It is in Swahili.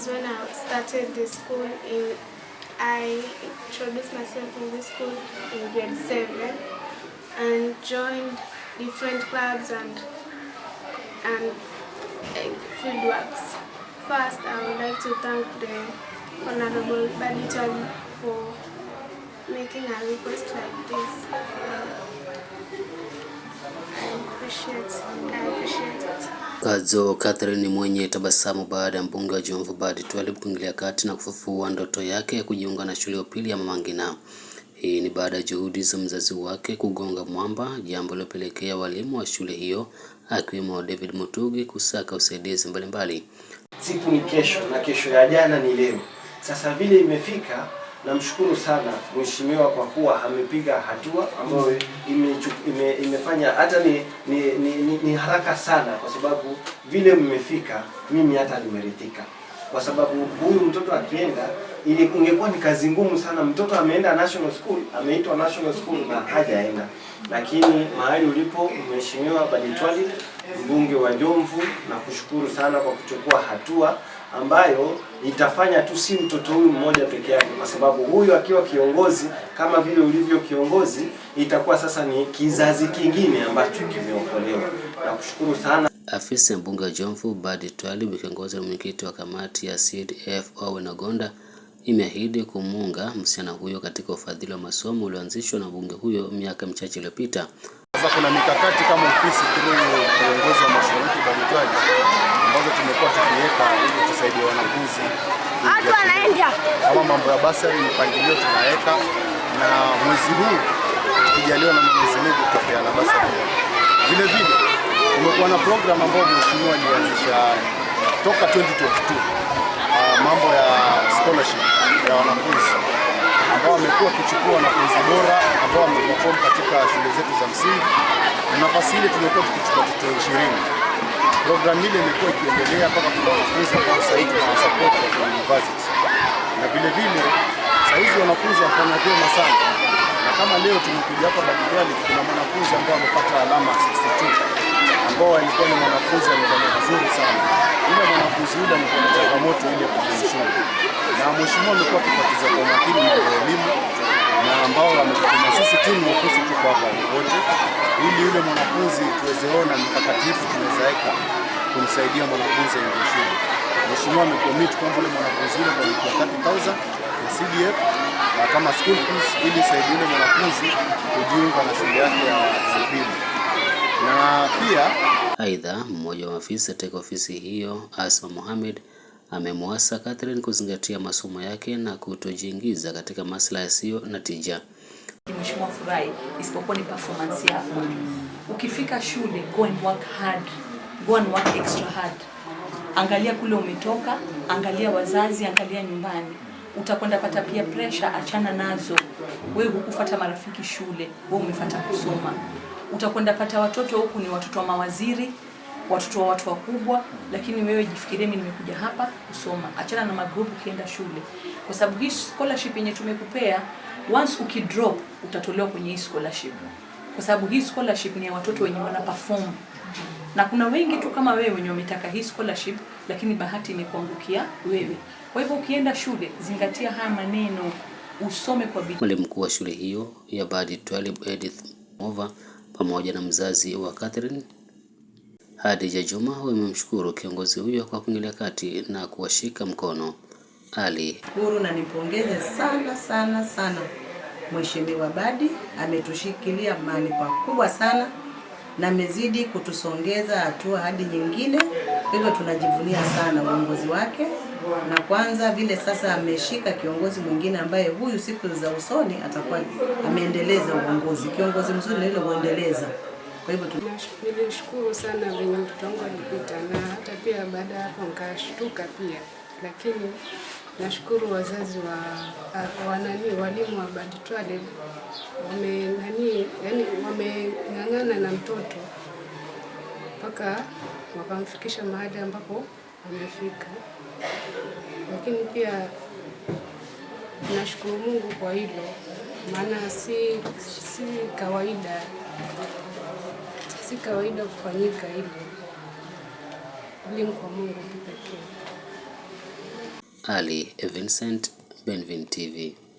is when I started the school in, I introduced myself in the school in grade 7 and joined different clubs and, and uh, eh, works. First, I would like to thank the Honorable Badi for making a request like this. Kadzo Catherine mwenye tabasamu baada ya mbunge wa Jomvu Badi Twalib kuingilia kati na kufufua ndoto yake ya kujiunga na shule ya upili ya Mama Ngina. Hii ni baada ya juhudi za mzazi wake kugonga mwamba, jambo lilopelekea walimu wa shule hiyo akiwemo David Mutugi kusaka usaidizi mbalimbali. Siku ni kesho na kesho ya jana ni leo. Sasa vile imefika Namshukuru sana mheshimiwa kwa kuwa amepiga hatua ambayo mm. ime, ime, imefanya hata ni ni, ni ni haraka sana, kwa sababu vile mmefika, mimi hata nimeridhika, kwa sababu huyu mtoto akienda, ili ingekuwa ni kazi ngumu sana. Mtoto ameenda national school, ameitwa national school na hajaenda, lakini mahali ulipo mheshimiwa Badi Twali, mbunge wa Jomvu, na kushukuru sana kwa kuchukua hatua ambayo itafanya tu si mtoto huyu mmoja peke yake, kwa sababu huyu akiwa kiongozi kama vile ulivyo kiongozi, itakuwa sasa ni kizazi kingine ambacho kimeokolewa. Nakushukuru sana. Afisa mbunge Jomvu Badi Twalib kiongozi na mwenyekiti wa kamati ya CDF Owen imeahidi kumuunga msichana huyo katika ufadhili wa masomo ulioanzishwa na bunge huyo miaka michache iliyopita. Sasa kuna mikakati kama ofisi uongozi wa mashariki BARUTAJI ambazo tumekuwa tukiweka ili tusaidie wanafunzi kama mambo ya basari, mipangilio tunaweka na mwezi huu tukijaliwa na Mwenyezi Mungu na basari. Vile vile kumekuwa na programu ambayo mheshimiwa alianzisha toka 2022 ah, mambo ya scholarship ya wanafunzi ambao wamekuwa wakichukua wanafunzi bora ambao wameperform katika shule zetu za msingi, na nafasi ile tumekuwa tukichukua watoto ishirini. Programu ile imekuwa ikiendelea mpaka kuna wanafunzi ambao sasa hivi wanasapoti kwa university, na vile vile hizi wanafunzi wanafanya vyema sana, na kama leo tumekuja hapa Bagamoyo kuna mwanafunzi ambaye amepata alama 62 ambao alikuwa ni mwanafunzi alifanya vizuri sana. Yule mwanafunzi yule alikuwa na changamoto ile kwenye shule, na mheshimiwa amekuwa akifuatilia kwa makini na elimu na ambao wametuma sisi timu ofisi, tuko hapa wote ili yule mwanafunzi tuwezeona mikakati ipi tunawezaweka kumsaidia mwanafunzi aingie shule. Mheshimiwa amecommit kwamba yule mwanafunzi yule kwa mikoa 30,000 ya CDF na kama school fees ili saidie yule mwanafunzi kujiunga na shule yake ya upili na pia aidha, mmoja wa maafisa katika ofisi hiyo Asma Mohamed amemwasa Catherine kuzingatia masomo yake na kutojiingiza katika masuala yasiyo na tija. Mheshimiwa, furahi isipokuwa ni performance yako. Ukifika shule, go and work hard, go and work extra hard. Angalia kule umetoka, angalia wazazi, angalia nyumbani utakwenda pata pia pressure, achana nazo. Wewe hukufuata marafiki shule, wewe umefuata kusoma utakwenda pata watoto huku ni watoto wa mawaziri, watoto wa watu wakubwa, lakini wewe jifikirie, mimi nimekuja hapa kusoma. Achana na magrupu, ukienda shule, kwa sababu hii scholarship yenye tumekupea once ukidrop utatolewa kwenye hii scholarship, kwa sababu hii scholarship ni ya watoto wenye wana perform, na kuna wengi tu kama wewe wenye wametaka hii scholarship, lakini bahati imekuangukia wewe. Kwa hivyo ukienda shule, zingatia haya maneno, usome kwa bidii. mkuu wa shule hiyo ya Badi Twalib Edith Mova pamoja na mzazi wa Catherine Hadija Juma wamemshukuru kiongozi huyo kwa kuingilia kati na kuwashika mkono. Ali huru na nipongeze sana sana sana Mheshimiwa Badi, ametushikilia mali pakubwa sana na amezidi kutusongeza hatua hadi nyingine, hivyo tunajivunia sana uongozi wake na kwanza vile sasa ameshika kiongozi mwingine ambaye huyu siku za usoni atakuwa ameendeleza uongozi, kiongozi mzuri nile kuendeleza. Kwa hivyo nilishukuru sana venye mtoto wangu alipita, na hata pia baada ya hapo nikashtuka pia, lakini nashukuru wazazi wa wanani walimu wa Baditwale wame nani yani wameng'ang'ana na mtoto mpaka wakamfikisha mahali ambapo amefika, lakini pia nashukuru Mungu kwa hilo, maana si, si kawaida si kawaida kufanyika hilo Elimu kwa Mungu kipekee Ali Vincent, Benvin TV.